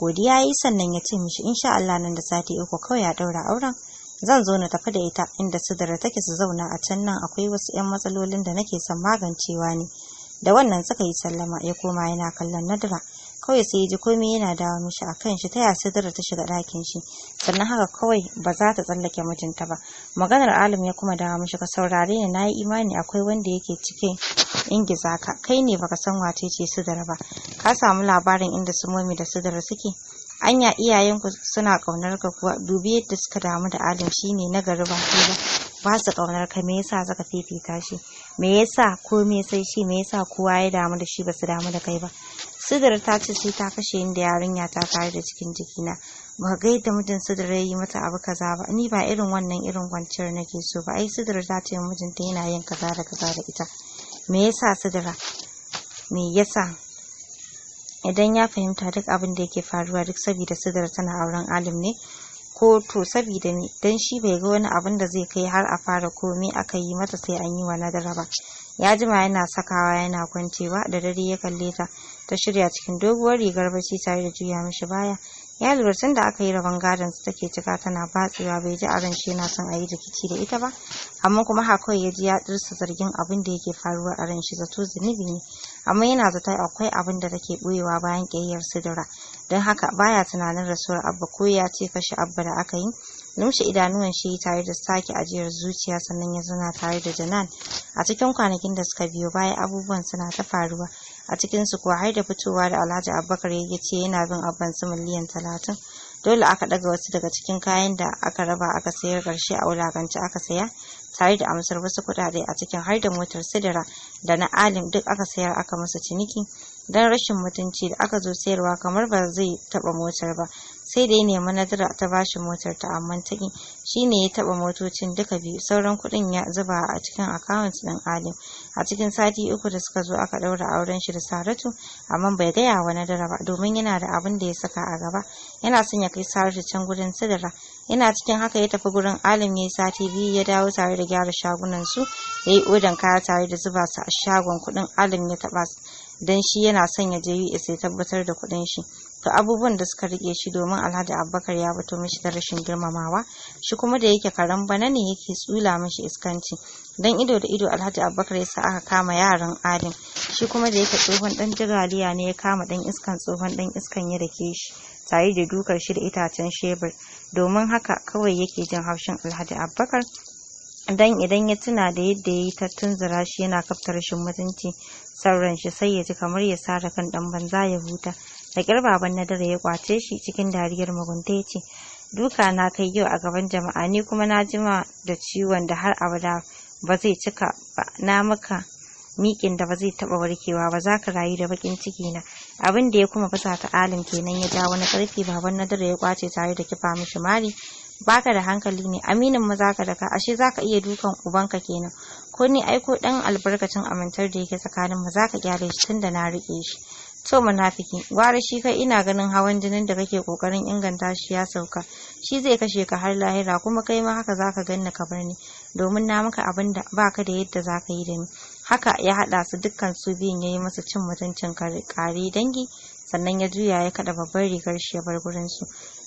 godiya yi sannan ya ce mishi insha Allah nan da sati uku kawai ya daura auren zan zo na tafi da ita inda Sidira take su zauna a can nan akwai wasu 'yan matsalolin da nake son magancewa ne da wannan suka yi sallama ya koma yana kallon Nadira kawai sai ya ji komai yana dawo mishi a kan shi taya Sidira ta shiga ɗakin shi sannan haka kawai ba za ta tsallake mijinta ba maganar Alim ya kuma dawo mishi ka saurare ni na yi imani akwai wanda yake cike. ingiza ka kai ne baka san wace ce sidira ba ka samu labarin inda su momi da sidara suke anya iyayenku suna kaunar ka kuwa dubi yadda suka damu da adam shine na gari ba ba ba su kaunar ka me yasa zaka fifita shi me yasa ko me sai shi me yasa kowa ya damu da shi ba su damu da kai ba sidara ta ce sai ta kashe inda yarinya ta tare da cikin jikina ba ga yadda mijin sidara ya yi mata abu kaza ba ni ba irin wannan irin kwanciyar nake so ba ai sidara ta ce mijinta yana yin kaza da kaza da ita me yasa sidira me yasa idan ya fahimta duk abin da yake faruwa duk saboda sidira tana auren alim ne ko to saboda me dan shi bai ga wani abin da zai kai har a fara komai aka yi mata sai an yi wa nadara ba ya jima yana sakawa yana kwancewa da dare ya kalle ta ta shirya cikin doguwar rigar bacci tare da juya mishi baya ya lura tun da aka yi rabon gadon su take cika tana batsewa bai ji a ranshi yana son a yi rikici da ita ba amma kuma hakoi ya ji ya dirsa zargin abin da yake faruwa a ranshi zato zunubi ne amma yana zata akwai abin da take boyewa bayan ƙiyayyar sidira don haka baya tunanin rasuwar abba ko ya ce kashe abba da aka yi numshe idanuwan shi tare da sake ajiyar zuciya sannan ya zana tare da janan a cikin kwanakin da suka biyo baya abubuwan suna ta faruwa a cikinsu kuwa har da fitowa da alhaji abubakar ya ce yana bin su miliyan talatin dole aka daga wasu daga cikin kayan da aka raba aka sayar karshe a wulakance aka saya tare da amsar wasu kuɗaɗe a cikin har da motar sidira da na alim duk aka sayar aka musu ciniki don rashin mutunci da aka zo sayarwa kamar ba zai taɓa motar ba sai da ya nemi nadira ta bashi motar ta amma ta shi shine ya taba motocin duka biyu sauran kuɗin ya zuba a cikin akawunt ɗin alim a cikin sati uku da suka zo aka ɗaura auren shi da saratu amma bai gaya wa nadira ba domin yana da abin da ya saka a gaba yana son ya kai saratu can gurin sidira yana cikin haka ya tafi gurin alim ya yi sati biyu ya dawo tare da gyara shagunan su ya yi odan kaya tare da zuba su a shagon kuɗin alim ya taɓa don shi yana son ya je USA ya tabbatar da kuɗin shi to abubuwan da suka rike shi domin alhaji abubakar ya fito mishi da rashin girmamawa shi kuma da yake karan bana ne yake tsula mishi iskanci dan ido da ido alhaji abubakar ya sa aka kama yaran adin shi kuma da yake tsohon dan jigaliya ne ya kama dan iskan tsohon dan iskan ya dake shi tare da dukar shi da itacen shebur domin haka kawai yake jin haushin alhaji abubakar dan idan ya tuna da yadda ya yi ta tunzura shi yana kafta rashin mutunci sauran shi sai ya ji kamar ya sare kan dan banza ya huta da kyar baban na dare ya kwace shi cikin dariyar mugunta ya ce duka na kai yau a gaban jama'a ni kuma na jima da ciwon da har abada ba zai cika ba na maka mikin da ba zai taba warkewa ba za ka rayu da bakin ciki na abin da ya kuma fasa ta alim kenan ya dawo na karfi baban na dare ya kwace tare da kifa mishi mari baka da hankali ne aminin ma zaka da ka ashe zaka iya dukan ubanka kenan ko ni aiko dan albarkacin amintar da yake tsakanin mu zaka gyara shi tunda na rike shi to munafiki gwara shi kai ina ganin hawan jinin da kake kokarin inganta shi ya sauka shi zai kashe ka har lahira kuma kai ma haka zaka ganna ka bar ni domin na maka abin da baka da yadda zaka yi da ni haka ya hada su dukkan su biyun yayi masa cin mutuncin kare dangi sannan ya juya ya kada babbar rigar shi ya bar gurin su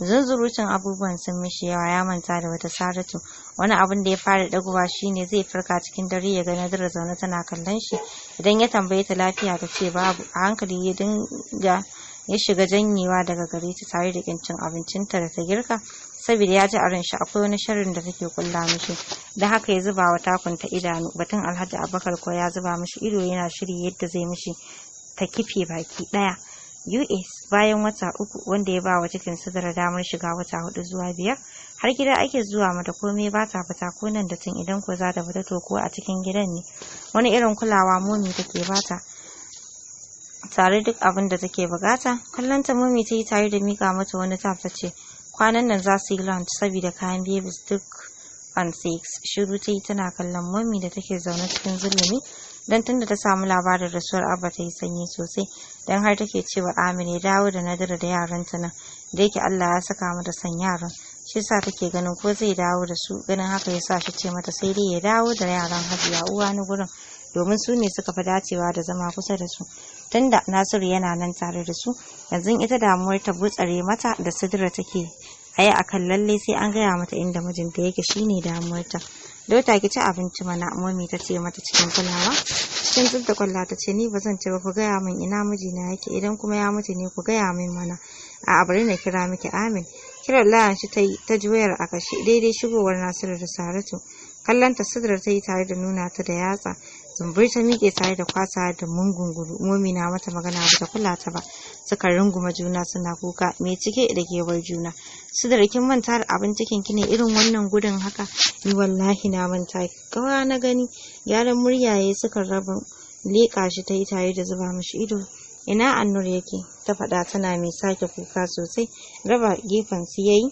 zuzurucin abubuwan sun mishi yawa ya manta da wata saratu wani abin da ya fara dagowa shine zai farka cikin dare ya ga nadira zaune tana kallon shi idan ya tambaye ta lafiya ta ce babu a hankali ya dinga ya shiga janyewa daga gare ta tare da kincin abincinta da ta girka saboda ya ji a ran shi akwai wani sharrin da take kulla mishi da haka ya zuba wa takunta idanu batun alhaji abubakar ko ya zuba mishi ido yana shiri yadda zai mishi ta kife baki daya US bayan wata uku wanda ya ba wa cikin sidira damar shiga wata hudu zuwa biyar har gida ake zuwa mata komai ba ta fita ko nan da tun idan ko za ta fita to ko a cikin gidan ne wani irin kulawa momi take bata tare duk abin da take bukata kallon ta momi ta yi tare da mika mata wani tap ta ce kwanan nan za su yi lunch saboda kayan babies duk on six shiru ta yi tana kallon momi da take zaune cikin zulumi don tunda ta samu labarin rasuwar abba ta yi sanyi sosai don har take cewa amina dawo da nadira da yaran ta nan da yake allah ya saka mu da san yaran shi sa take ganin ko zai dawo da su ganin haka ya sa shi ce mata sai dai ya dawo da yaran hajiya uwa na gurin domin su ne suka fi dacewa da zama kusa da su tunda nasiru yana nan tare da su yanzu ita damuwar ta butsare mata da sidira take a yi akan lalle sai an gaya mata inda mijinta yake shine damuwarta Dota ki ci abinci mana mami ta ce mata cikin kulawa cikin zubda kwalla ta ce ni ba zan ci ba ku gaya min ina mijina yake idan kuma ya mutu ne ku gaya min mana a bari na kira miki amin kiran layan shi ta ta juyar a kashe daidai shigowar nasiru da saratu kallon ta ta yi tare da nuna ta da yatsa zumbur ta miƙe tare da kwasa da mungun momi na mata magana ba ta kula ta ba suka runguma juna suna kuka Me cike da kewar juna su da rikin manta da abin cikin kine irin wannan gudun haka ni wallahi na manta kawa na gani gyaran muryaye sukan raba leƙa shi ta yi tare da zuba mashi ido ina annur yake ta faɗa tana mai sake kuka sosai raba gefen su yayi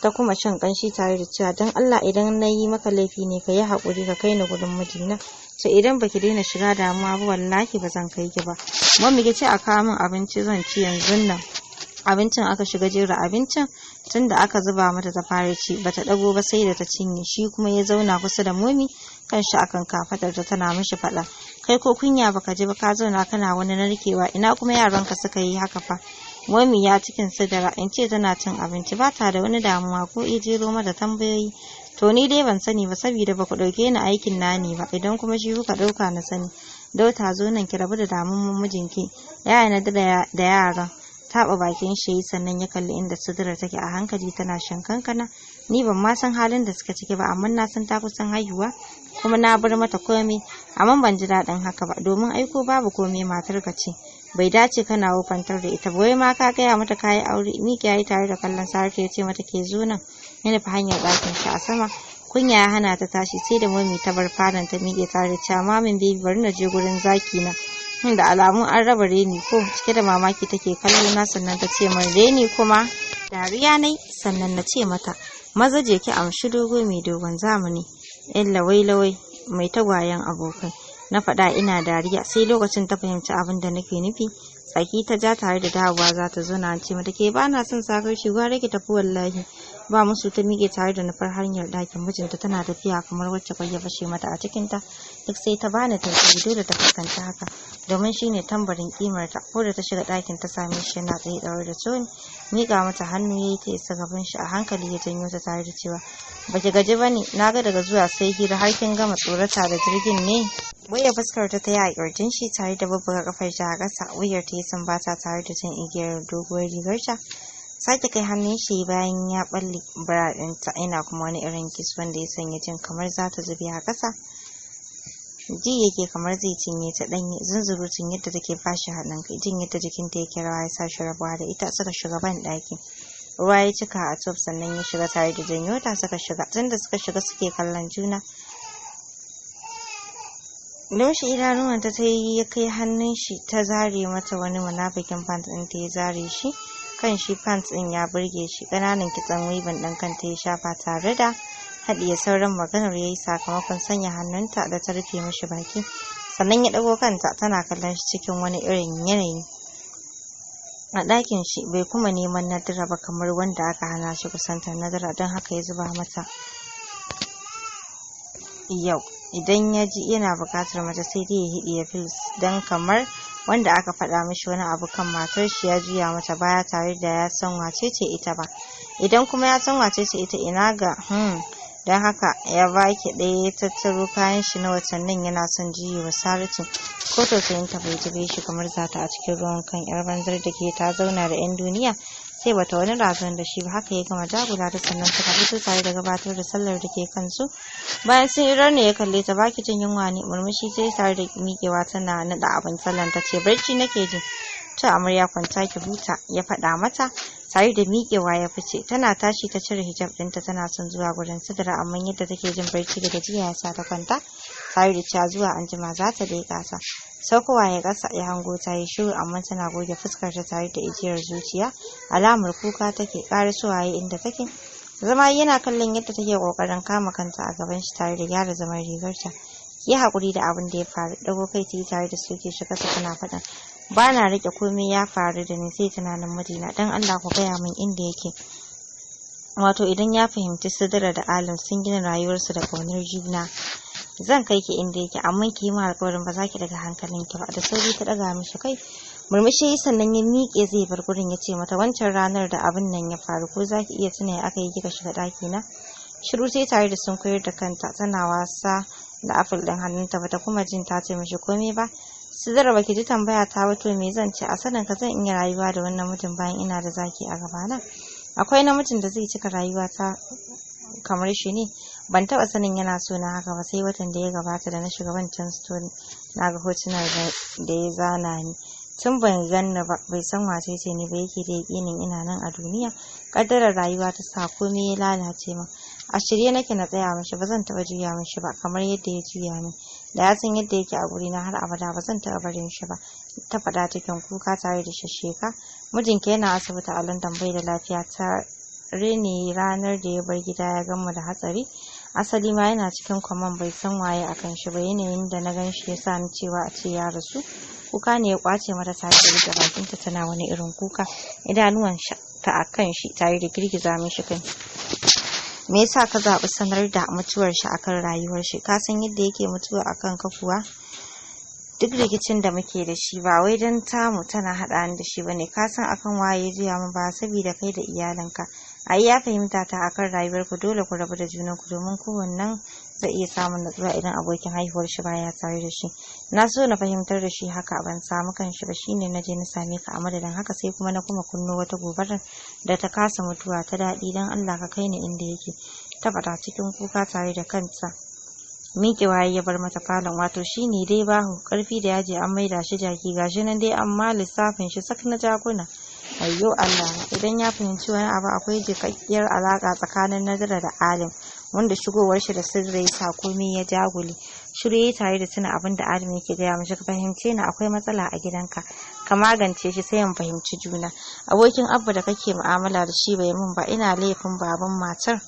ta kuma shan ƙanshi tare da cewa dan Allah idan na yi maka laifi ne ka yi haƙuri ka kai ni gurin madina sai idan baki daina shiga damuwa ba wallahi ba zan kai ki ba mami ki ce a kawo min abinci zan ci yanzu nan abincin aka shiga jera abincin tunda aka zuba mata ta fara ci bata dago ba sai da ta cinye shi kuma ya zauna kusa da momi kanshi akan kafadar ta tana mishi faɗa kai ko kunya baka ji ba ka zauna kana wani narkewa ina kuma yaranka suka yi haka fa ya cikin sidira in ce tana cin abinci ba ta da wani damuwa ko ijero mata tambayoyi to ni dai ban sani ba saboda ba ku ɗauke ni aikin na ne ba idan kuma shi kuka ɗauka na sani dau ta zo nan ki rabu da damun mijinki yaya na da yara taɓa bakin shi yi sannan ya kalli inda sidira take a hankali tana shan kankana ni ban ma san halin da suka cike ba amma na san ta kusan haihuwa kuma na bar mata komai amma ban ji daɗin haka ba domin aiko babu komai matar ka ce bai dace kana wofantar da ita wai ma ka gaya mata kayi aure ni ki yayi tare da kallon saratu ya ce mata ke zo nan ya nufi hanyar ɗakin shi a sama kunya ya hana ta tashi sai da mami ta bar fadan ta miƙe tare da cewa mamin bibi bari na je gurin zaki na da alamun an raba reni ko cike da mamaki take kallo na sannan ta ce min reni kuma dariya nai sannan na ce mata maza je ki amshi dogo mai dogon zamani yan lawai lawai mai tagwayen abokai na faɗa ina dariya sai lokacin ta fahimci abin da nake nufi tsaki ta ja tare da dawowa za ta zo na ce mata ke ba na son sakar shi gwara tafi wallahi ba musu ta miƙe tare da nufar hanyar ɗakin mijinta tana tafiya kamar wacce kwai fashe mata a cikinta duk sai ta bani tausayi dole ta fuskanci haka domin shine tambarin ta ko da ta shiga ɗakin ta same shi yana tsaye ɗaure da tsohon miƙa mata hannu ya yi ta isa gaban shi a hankali ya janyo ta tare da cewa baki gaji ba ne na ga daga zuwa sai hira har kin gama tsorata da jirgin ne wayar fuskar ta ta yi a ƙirjin shi tare da babbar kafar ta a ƙasa wayar ta yi sambata tare da jan igiyar doguwar rigar rigarta sake kai hannun shi bayan ya balle baraɗinta. ɗinta ina kuma wani irin kis wanda ya sanya jin kamar za ta zube a ƙasa ji yake kamar zai cinye ta ɗanye zunzurutun yadda take bashi hannun kai jin yadda jikinta yake rawa ya sa shi rabuwa da ita suka shiga ban daki ruwa ya cika a tub sannan ya shiga tare da janyo ta suka shiga tunda suka shiga suke kallon juna lumshi idanuwanta ta yi ya kai hannun shi ta zare mata wani munafikin pants din ta ya zare shi kan shi pants ɗin ya burge shi ƙananan kitsan wibin ɗin kanta ya shafa tare da haɗiye sauran maganar ya yi sakamakon sanya hannunta da ta rufe mashi baki sannan ya ɗago kanta tana kallon shi cikin wani irin yanayi a ɗakin shi bai kuma neman nadira ba kamar wanda aka hana shi kusantar nadira don haka ya zuba mata yau idan ya ji yana buƙatar mata sai dai ya ya fils don kamar wanda aka faɗa mishi wani abu kan matar shi ya juya mata baya tare da ya san wace ce ita ba idan kuma ya san wace ce ita ina ga hmm don haka ya baki ɗaya ya tattaro kayan shi na watannin yana son juyi wa saratu ko tausayin ta bai jibe shi kamar zata a cikin ruwan kan yar banzar da ke ta zauna da yan duniya sai bata wani razon da shi ba haka ya gama jagula da sannan suka fito tare da gabatar da sallar da ke kansu bayan sun irar ne ya kalle ta baki jin yunwa ne murmushi sai tare da miƙewa tana naɗa abin sallan ta ce barci nake ji ta amarya kwanta ki huta ya faɗa mata tare da miƙewa ya fice tana tashi ta cire hijab ɗinta tana son zuwa gurin sidira amma yadda take jin barci da gajiya ya sa ta kwanta tare da cewa zuwa anjima za ta dai kasa saukowa ya kasa ya hango ta yi shiru amma tana goge fuskar ta tare da ajiyar zuciya alamar kuka take ƙarasowa suwaye inda take zama yana kallon yadda take kokarin kama kanta a gaban shi tare da gyara zaman rigarta ki hakuri da abin da ya faru dago kai ta yi tare da ke shiga kasa tana faɗin bana na rike komai ya faru da ni sai tunanin mijina dan Allah ku gaya min inda yake wato idan ya fahimci sidira da alim sun gina su da ƙaunar juna zan kai ki inda yake amma ki yi alƙawarin ba za ki daga hankalin ki ba da sauri ta daga mishi kai murmushi sannan ya miƙe zai bar gurin ya ce mata wancan ranar da abin nan ya faru ko za ki iya tuna ya aka yi kika shiga ɗaki na shiru sai tare da sun koyar da kanta tana wasa da afil ɗin hannunta bata kuma jin ta ce mishi komai ba Sidira baki ji tambaya ta ba to me zan ce a sanin ka zan iya rayuwa da wannan mutum bayan ina da zaki a gabana. Akwai namijin da zai cika rayuwa ta kamar shi ne ban taba sanin yana so na haka ba sai watan da ya gabata da na shiga wancan story na ga hotunan da ya zana ni tun ban ganna ba bai san wace ce ne ba yake da yakinin ina nan a duniya kaddarar rayuwa ta sa komai ya lalace min a shirye nake na tsaya mishi ba zan taba juya mishi ba kamar yadda ya juya min da ya san yadda yake a guri na har abada ba zan taba barin shi ba ta faɗa cikin kuka tare da shasheka mijinki yana asibiti a London bai da lafiya ta rene ranar da ya bar gida ya gama da hatsari asali ma yana cikin kwaman bai san waye a kan shi ba yanayin da na gan shi ya sa ni cewa a ce ya rasu kuka ne ya kwace mata ta da bakinta tana wani irin kuka idanuwan ta a kan shi tare da girgiza mishi kai me yasa ka zaɓi sanar da mutuwar shi akan rayuwar shi ka san yadda yake mutuwa akan ka kuwa duk rikicin da muke da shi ba wai don tamu tana haɗa ni da shi bane ka san akan waye zuwa mu ba saboda kai da iyalinka ai ya fahimta ta akan rayuwar ku dole ku rabu da junan ku domin kowannen zai iya samun natsuwa idan abokin haihuwar shi baya tare da shi na so na fahimtar da shi haka ban samu kan shi ba shine na je na same ka a madadin haka sai kuma na kuma kunno wata gobarar da ta kasa mutuwa ta daɗi dan Allah ka kai ni inda yake ta cikin kuka tare da kanta waye ya bar mata falon wato shi ne dai bahu ƙarfi da yaji an maida shi jaki gashi nan dai amma lissafin shi sak na jakuna wayyo Allah idan ya fahimci wani abu akwai jikakkiyar alaka tsakanin nazara da Alim wanda shigowar shi da sirri ya sa komai ya jagule shirye tare da tuna abin da alim yake gaya mishi ka fahimce ni akwai matsala a gidanka ka magance shi sai mu fahimci juna abokin abba da kake mu'amala da shi bai mun ba ina laifin baban matar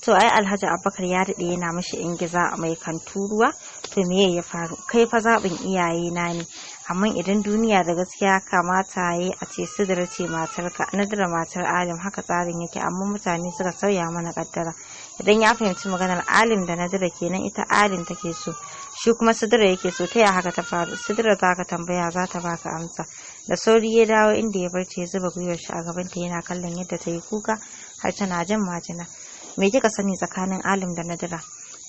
to ai Alhaji Abubakar ya dade yana mishi ingiza mai kanturuwa to me ya faru kai fa zaɓin iyaye na ne amma idan duniya da gaskiya kamata yi a ce sidira ce matarka nadira matar alim haka tsarin yake amma mutane suka sauya mana kaddara idan ya fahimci maganar alim da nadira kenan ita alim take so shi kuma sidira yake so ta yi haka ta faru sidira za ka tambaya za ta baka amsa da sauri ya dawo inda ya barci ya zuba gwiwar shi a gabanta yana kallon yadda ta yi kuka har tana jin majina me kika sani tsakanin alim da nadira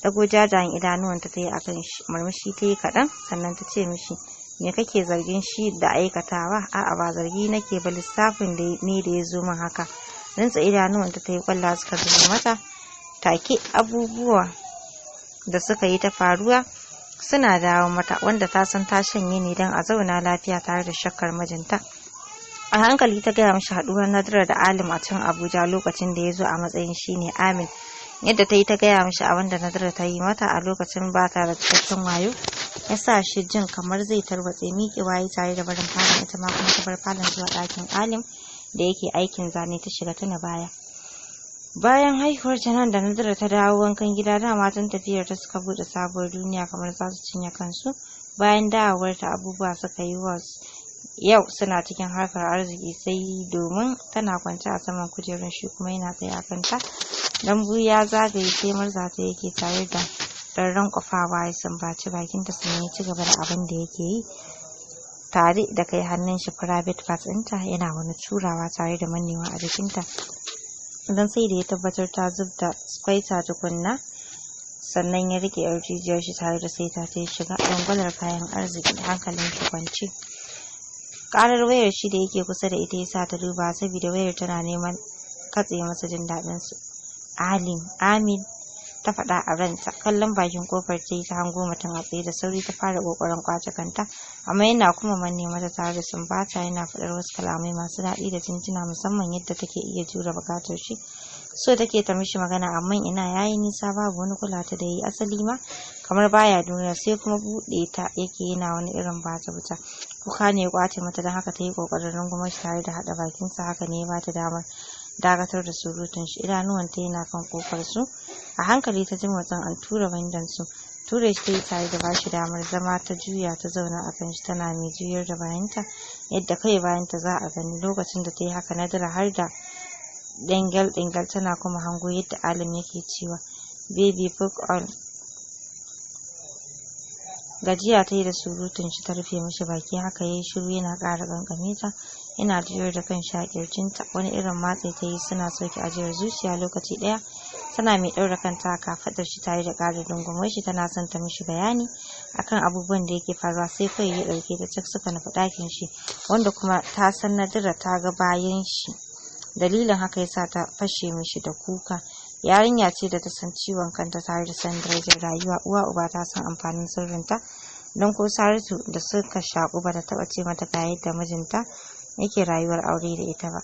dago jajayen idanuwanta ta yi akan shi murmushi ta yi kaɗan sannan ta ce mishi me kake zargin shi da aikatawa a'a ba zargi nake ba lissafin da ne da ya zo min haka rintsa idanuwanta ta yi kwalla suka zuba mata take abubuwa da suka yi ta faruwa suna dawo mata wanda ta san ta shanye ne don a zauna lafiya tare da shakkar mijinta a hankali ta gaya mishi haɗuwar nadira da alim a can abuja lokacin da ya zo a matsayin shi ne amin yadda ta yi ta gaya mishi abin da nadira ta yi mata a lokacin ba ta da cikakken wayo ya sa shi jin kamar zai tarwatse miƙe waye tare da barin falon ita ma kuma ta bar falon zuwa ɗakin alim da yake aikin zane ta shiga tuna baya bayan haihuwar nan da nazara ta dawo wankan gida da matan tafiyar ta suka buɗe sabuwar duniya kamar za su cinye kansu bayan dawowar ta abubuwa suka yi wa yau suna cikin harkar arziki sai domin tana kwance a saman kujerun shi kuma yana tsaye a kanta dambu ya zagaye sai murza ta yake tare da dan rankwafawa ya sumbaci bakinta sannan ya ci gaba da abin da yake yi tare da kai hannun shi private parts ɗinta yana wani turawa tare da mannewa a jikinta dan sai da ya tabbatar ta zubta spaita kwaita tukunna sannan ya rike yarjejiyar shi tare da sai ta shiga dangwalar kayan arziki da hankalin shi kwance karar wayar shi da yake kusa da ita ya sa ta duba saboda wayar tana neman katse masa jin daɗin su alim amin ta faɗa a ranta kallon bakin kofar ta yi ta hango mutum a tsaye da sauri ta fara kokarin kwace kanta amma yana kuma manne mata tare da sumbata yana faɗar wasu kalamai masu daɗi da tuntuna musamman yadda take iya jure bukatar shi so take ta mishi magana amma ina yayi nisa babu wani kula ta da yi asali ma kamar baya duniya sai kuma buɗe ta yake yana wani irin bata wuta kuka ne ya kwace mata don haka ta yi kokarin rungumar shi tare da haɗa bakinsa haka ne ya bata damar dakatar da surutun shi idanuwanta yana kan kofar su a hankali ta ji motsin an tura wandon su ture shi ta yi tare da bashi damar zama ta juya ta zauna a kan shi tana mai juyar da bayanta yadda kai bayanta za a gani lokacin da ta yi haka nadira har da dangal dangal tana kuma hango yadda alim yake cewa baby book on gajiya ta yi da surutun shi ta rufe mishi baki haka ya yi shiru yana ƙara ƙanƙame Ina jiyar da kan sha kirjinta wani irin matsi ta yi suna soke ajiyar zuciya lokaci ɗaya tana mai ɗaura kanta a kafaɗar shi tare da ƙara dungumar shi tana son ta mishi bayani akan abubuwan da yake faruwa sai kai ya ɗauke ta cik suka nufi ɗakin shi wanda kuma ta san nadira ta ga bayan shi dalilin haka yasa ta fashe mishi da kuka yarinya ce da ta san ciwon kanta tare da san darajar rayuwa uwa uba ta san amfanin sirrinta don ko saratu da suka shaku ba ta taba ce mata ga yadda mijinta yake rayuwar aure da ita ba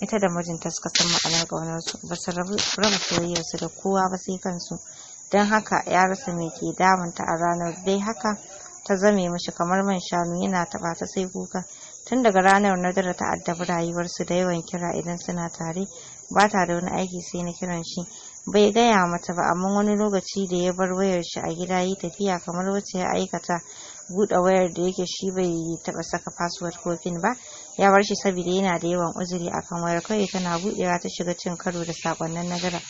ita da mijinta suka san ma'anar ƙaunarsu ba su raba soyayyarsu da kowa ba sai kansu don haka ya rasa me ke damunta a ranar dai haka ta zame mishi kamar man shanu yana taɓa ta sai kuka tun daga ranar nadara ta addabi rayuwarsu da yawan kira idan suna tare ba ta da wani aiki sai na kiran shi bai gaya mata ba amma wani lokaci da ya bar wayar shi a gida yi tafiya kamar wacce ya aikata buɗe wayar da yake shi bai taɓa saka password ko pin ba ya bar shi saboda yana da yawan uzuri akan wayar kawai tana buɗewa ta shiga cin karo da sakonnin nagara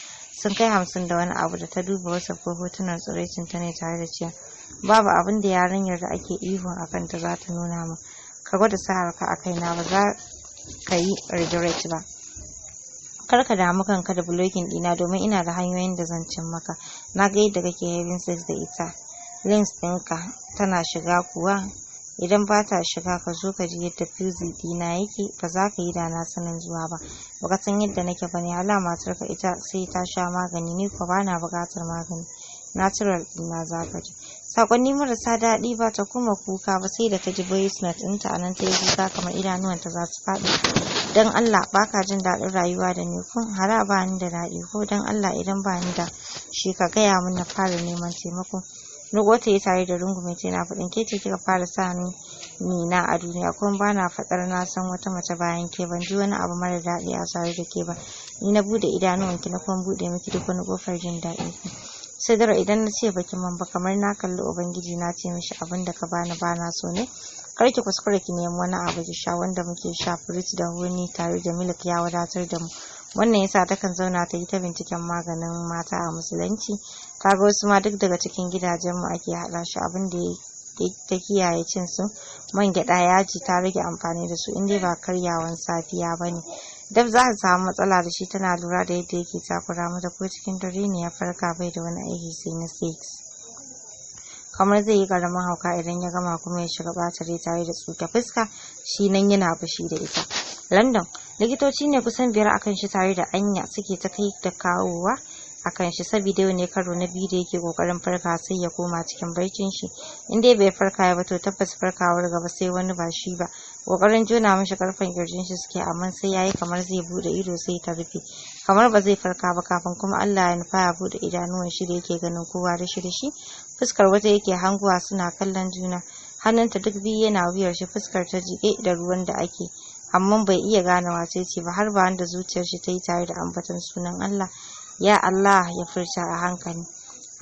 sun kai hamsin da wani abu da ta duba wasu ko hotunan tsiraicin ta ne tare da cewa babu abin da yarinyar da ake ihun akan ta za ta nuna mu ka gwada sa'arka a kaina ba za ka yi regret ba kar ka damu kanka da blogging dina domin ina da hanyoyin da zan cin maka na ga yadda kake having sex da ita lens ɗinka tana shiga kuwa idan ba ta shiga ka zo ka ji yadda fuse ɗina yake ba za ka yi da na sanin zuwa ba ba ka san yadda nake ba ne hala matar ka ita sai ta sha magani ni kuwa ba na buƙatar magani natural ɗina za ka ji sakonni marasa daɗi ba ta kuma kuka ba sai da ta ji voice note ɗinta a nan ta yi kuka kamar idanuwanta za su faɗi don Allah ba ka jin daɗin rayuwa da ni kun hara ba ni da daɗi ko don Allah idan ba ni da shi ka gaya min na fara neman taimako Rugwata ya tare da rungume ta yana faɗin ke ce kika fara sa ni nina a duniya kuma ba na faɗar na san wata mace bayan ke ban ji wani abu mara daɗi a tare da ke ba ni na buɗe idanuwanki na kuma buɗe miki duk wani ƙofar jin daɗin ki. sadara idan na ce baki man ba kamar na kalli ubangiji na ce mishi abin da ka bani bana so ne kar ki kuskure ki nemi wani abu ki sha wanda muke sha fruit da wani tare da milk ya wadatar da mu wannan yasa takan zauna ta yi ta binciken maganin mata a musulunci kaga wasu ma duk daga cikin gidajen mu ake haɗa shi abin da ta kiyaye cin su man gyaɗa yaji ta rage amfani da su indai ba karyawan safiya bane? ne dab za a samu matsala da shi tana lura da yadda yake takura mata ko cikin dare ne ya farka bai da wani aiki sai na sex kamar zai yi karamin hauka idan ya gama kuma ya shiga batare tare da tsuke fuska shi nan yana fushi da ita london likitoci ne kusan biyar akan shi tare da anya suke ta kai da kawowa a kan shi saboda yau ne karo na biyu da yake kokarin farka sai ya koma cikin barcin shi in dai bai farka ya ba to tabbas farkawar gaba sai wani ba shi ba kokarin jona mishi karfin kirjin shi suke amma sai yayi kamar zai bude ido sai ta rufe kamar ba zai farka ba kafin kuma Allah ya nufa ya bude idanuwan shi da yake ganin kowa da shi da shi fuskar wata yake hanguwa suna kallon juna hannunta duk biyu yana wuyar shi fuskar ta jike da ruwan da ake amma bai iya gane wace ce ba har ba wanda zuciyar shi ta yi tare da ambaton sunan Allah Ya Allah ya furta a hankali.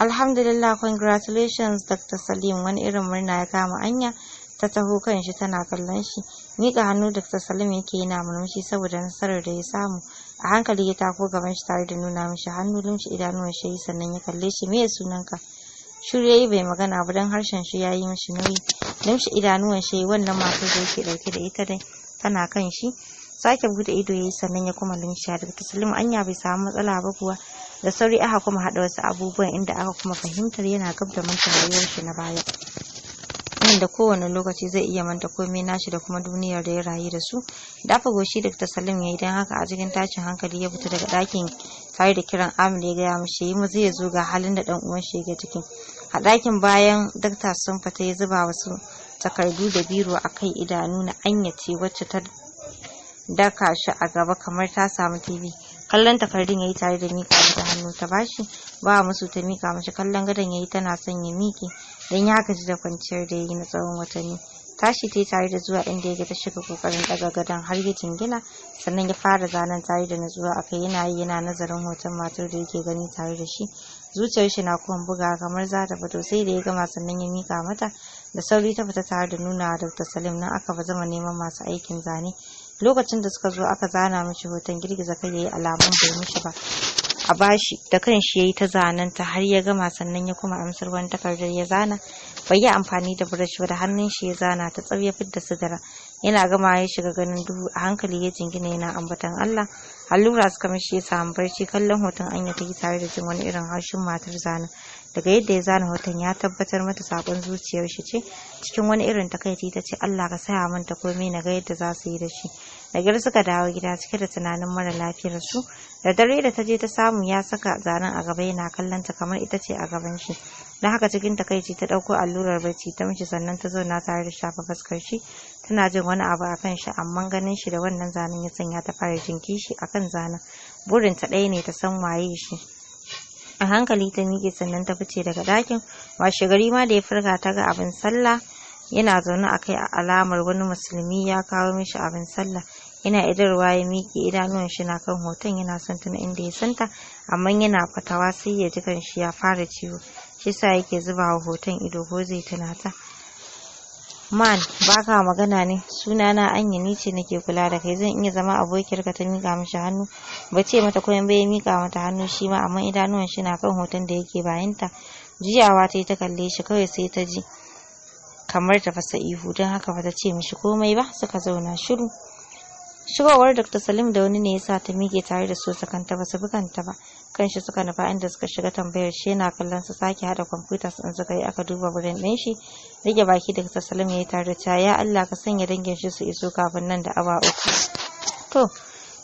Alhamdulillah congratulations Dr. Salim wani irin murna ya kama anya ta taho kan shi tana kallon shi. Mika hannu Dr. Salim yake yana murmushi saboda nasarar da ya samu. A hankali ya tako gaban shi tare da nuna mishi hannu lumshi idanuwan shi sannan ya kalle shi me sunanka? Shiru yayi bai magana ba don harshen shi yayi mishi nauyi. Lumshi idanuwan shi wannan matar da yake dauke da ita dai tana kan shi sake bude ido ya yi sannan ya kuma linsha da taslim anya bai samu matsala ba kuwa da sauri aka kuma hada wasu abubuwan inda aka kuma fahimtar yana gab da manta rayuwar shi na baya da kowane lokaci zai iya manta komai nashi da kuma duniyar da ya rayu da su dafa goshi da ta salim yi idan haka a cikin tashin hankali ya fita daga dakin tare da kiran amin ya gaya mishi yi mazi ya zo ga halin da ɗan uwan shi ya ciki a ɗakin bayan dakta sun fita ya zuba wasu takardu da biro a kai idanu na anya ce wacce ta daka shi a gaba kamar ta samu TV kallon takardun yayi tare da mika da hannu ta bashi ba musu ta mika mashi kallon gadon yayi tana son ya miki dan ya gaji da kwanciyar da yayi na tsawon watanni tashi ta tare da zuwa inda ya ta shiga kokarin daga gadon har ya jingina sannan ya fara zanen tare da natsuwa akai yana yi yana nazarin hoton matar da yake gani tare da shi zuciyar shi na kuma buga kamar za ta fito sai da ya gama sannan ya mika mata da sauri ta fita tare da nuna da salim nan aka ba zama neman masu aikin zane lokacin da suka zo aka zana mishi hoton girgiza kai yayi alamun bai mishi ba a bashi da kan shi yayi ta zanen ta har ya gama sannan ya kuma amsar wani takardar ya zana bai yi amfani da brush ba da hannun shi ya zana ta tsab ya fidda sigara yana gama ya shiga ganin duhu a hankali ya jingina yana ambatan Allah allura suka mishi ya samu barci kallon hoton anya ta yi tare da jin wani irin haushin matar zanen daga yadda ya zana hoton ya tabbatar mata sakon zuciyar shi ce cikin wani irin takaici ta ce Allah ka saya min ta komai na ga yadda za su yi da shi da suka dawo gida cike da tunanin mara lafiyar su da dare da ta je ta samu ya saka zanen a gaba yana kallon ta kamar ita ce a gaban shi na haka cikin takaici ta ɗauko allurar barci ta mishi sannan ta zo na tare da shafa fuskar shi tana jin wani abu a kan shi amma ganin shi da wannan zanen ya sanya ta fara jin kishi a kan zanen burin ta ɗaya ne ta san waye shi a hankali ta miƙe sannan ta fice daga ɗakin washe gari ma da ya furga ta ga abin sallah yana zaune a kai alamar wani musulmi ya kawo mishi abin sallah yana idarwa ya miƙe idanuwan shi na kan hoton yana son tuna inda ya santa amma yana fatawa sai ya ji kan shi ya fara ciwo shi sa yake zubawa hoton ido ko zai tunata. man baka magana ne sunana anya ni ce nake kula da kai zan iya zama abokiyar ka ta mika mishi hannu ba ce mata koyan bai mika mata hannu shi ma amma idanuwan shi na kan hoton da yake bayanta juyawa ta yi ta kalle shi kawai sai ta ji kamar ta fasa ihu don haka ba ta ce mishi komai ba suka zauna shiru shigowar dr salim da wani ne ya sa ta mike tare da su sakanta ba su buganta ba kanshi shi suka nufa inda suka shiga tambayar shi yana kallon su sake hada kwamfuta sun suka yi aka duba wurin ɗin shi rage baki da dr salim yayi yi tare ta ya allah ka sanya dangin shi su iso kafin nan da awa uku to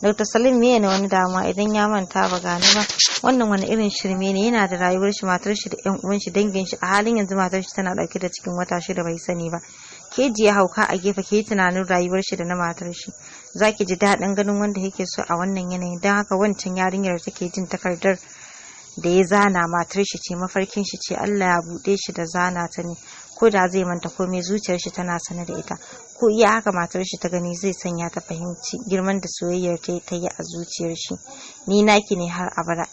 dr salim me ne wani dama idan ya manta ba gani ba wannan wani irin shirme ne yana da rayuwar shi matar shi da yan uwan shi dangin shi a halin yanzu matar shi tana dauke da cikin wata shida bai sani ba keji ya hauka a gefe ke tunanin rayuwar shi da na matar shi zaki ji daɗin ganin wanda yake so a wannan yanayin don haka wancan yarinyar take jin takardar da ya zana matar shi ce mafarkin shi ce Allah ya buɗe shi da zana ta ne ko da zai manta komai zuciyar shi tana sane da ita ko iya haka matar shi ta gani zai sanya ta fahimci girman da soyayyar ta ta yi a zuciyar shi ni naki ne har abada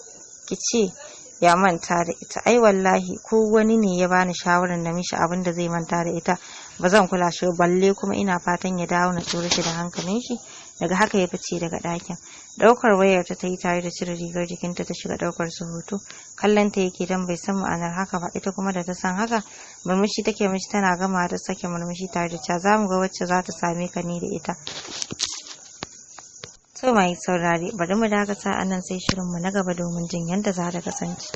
ki ce ya manta da ita ai wallahi ko wani ne ya bani shawarar na mishi abin da zai manta da ita ba zan kula shi balle kuma ina fatan ya dawo na tura shi da hankalin shi daga haka ya fice daga ɗakin ɗaukar wayar ta ta yi tare da cire rigar jikinta ta shiga ɗaukar su hoto kallon ta yake dan bai san ma'anar haka ba ita kuma da ta san haka murmushi take mishi tana gama ta sake murmushi tare da ca za mu ga wacce za ta same ka ni da ita To mai saurari, bari mu dakata a nan sai shirinmu na gaba domin jin yadda za ta kasance.